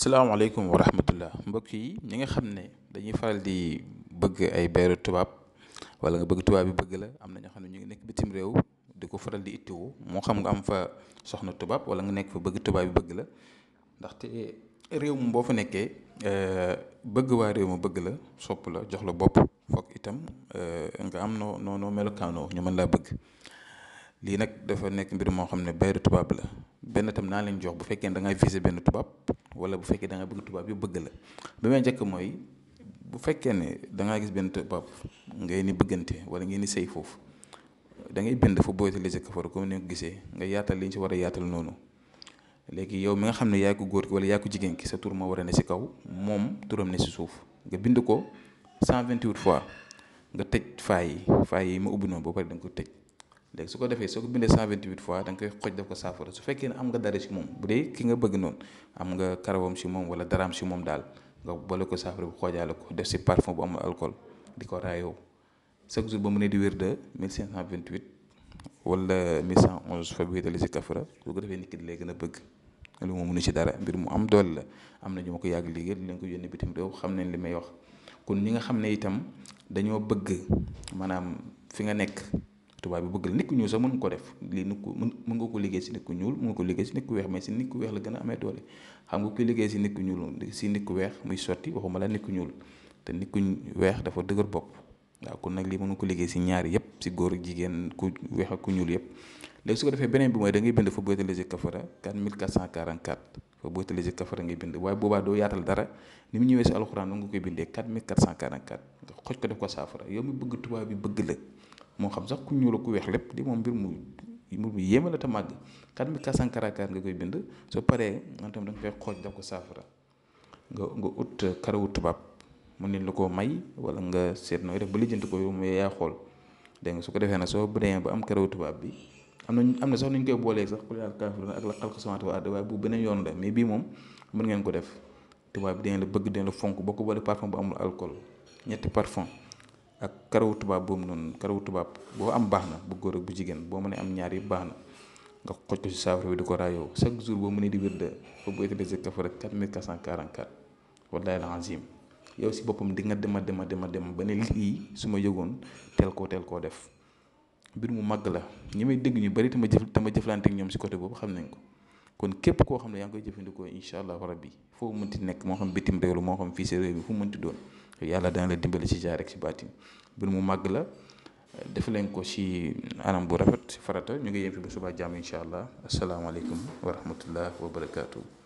salaamaaleykum wa rahmatullah mbokk yi ñi nga xam ne dañuy faral di bëgg ay beeru tubaab wala nga bëgg tubaab bi bëgg la am na ñoo xam ne ñu ngi nekk bitim réew di ko faral di ittiwu moo xam nga am fa soxna tubaab wala nga nekk fa bëgg tubaab bi bëgg la ndaxte réew mu boo fa nekkee eh, bëgg waa réew ma bëgg la sopp la jox la bopp foog itam eh, nga am noo noo noo melokaanoo ñu mën laa bëgg lii nag dafa nekk mbir moo xam ne bayru tubaab la benn tam naa leen jox bu fekkee da ngay visé benn tubaab wala bu fekkee da nga bëgg tubaab yu bëgg la bi may njëkk mooy bu fekkee ne da ngaa gis benn tubaab ngay ni bëggante wala ngeen ni sëy foofu da ngay bind fa booyte les kafaru comme ni gisee nga yaatal li ñu si war yaatal noonu léegi yow mi nga xam ne yaa ko wala yaa jigéen ki sa tur moo war a ne kaw moom turam ne si suuf nga bind ko 128 fois nga tëj faay yi faay yi mu ubbi noonu ba pare da ko tëj. léegi su ko defee soo ko bindee 128 fois da nga koy xoj def ko saafara su fekkee ne am nga dara ci moom bu dee ki nga bëgg noonu am nga karawam ci moom wala daraam ci moom daal nga boole ko saafara bu xoojaale ko def di ko raayoo chaque jour ba mu ne di wér de 1528 wala 1111 fa wéetali ci kafara su ko defee nit ki di lay gën a bëgg lu mu mënu ci dara mbir mu am doole la am na ñu ma ko yàgg liggéey di leen ko yónnee bitim réew xam nañ li may wax kon ñi nga xam ne itam dañoo bëgg maanaam fi nga nekk. tubaab bi bëgg la nit ku ñuul sax mën ko def lii nit mën mën ko liggéey si nit ku ñuul mën ko liggéey si nit a amee doole xam nga kuy liggéey si nit ku ñuul si nit weex muy sotti waxuma la nit ñuul te nit ku weex dafa dëgër bopp waaw kon nag lii mën nga ko liggéey si ñaari yëpp si góor jigéen ku weex ak ku ñuul yëpp léegi su ko defee beneen bi mooy da ngay bind fa Boutaliger Kafara 4444 fa Boutaliger Kafara ngay bind waaye boobaa doo yaatal dara ni mu ñëwee si alxuraan nga koy bindee 4444 nga xoj bi bëgg la moo xam sax ku ñuul ku weex lépp di moom mbir mu mbir mu yéeme la te màgg kat mi kasankarakaar nga koy bind soo paree man tam da nga koy saafara nga nga ut karawu tubaab mu nit lu ko may wala nga seet nooy def ba lijjanti ko yow yaa xool dégg nga su ko defee nag soo demee ba am karawu tubaab bi am na am na sax nu ñu koy boolee sax ku laal kaafiruuna ak la xalq samawaati waaye bu beneen yoon la mais bii moom mën ngeen ko def tubaab bi dina la bëgg dina la fonk boo ko boole parfum bu amul alcool ñetti parfum ak karawu tubaab boobu noonu karawu tubaab boo am baax na bu góor bu jigéen boo mënee am ñaari yëpp baax na nga xoj ko ci saafara bi di ko raayoo chaque jour boo mënee di wér de foofu boo utilisé kafa rek 4444 wallahi al azim yow si boppam di nga dem a dem a dem a dem ba ne lii su ma yëgoon teel koo teel koo def mbir mu màgg la ñi may dégg ñu bari tama jëf tama jëflante ak ñoom si côté boobu xam nañ ko kon képp koo xam ne yaa ngi koy jëfandikoo incha allah rabbi foo mënti nekk moo xam bitim réew la moo xam fii si réew bi fu mënti doon. yàlla dana la dimbali si jaay rek ci baatin mbir mu mag la def leen ko ci anam bu rafet ci farata ñu ngi yem fi ba subaa jàmm incha allah asalaamaaleykum wa rahmatullah wa barakaatu.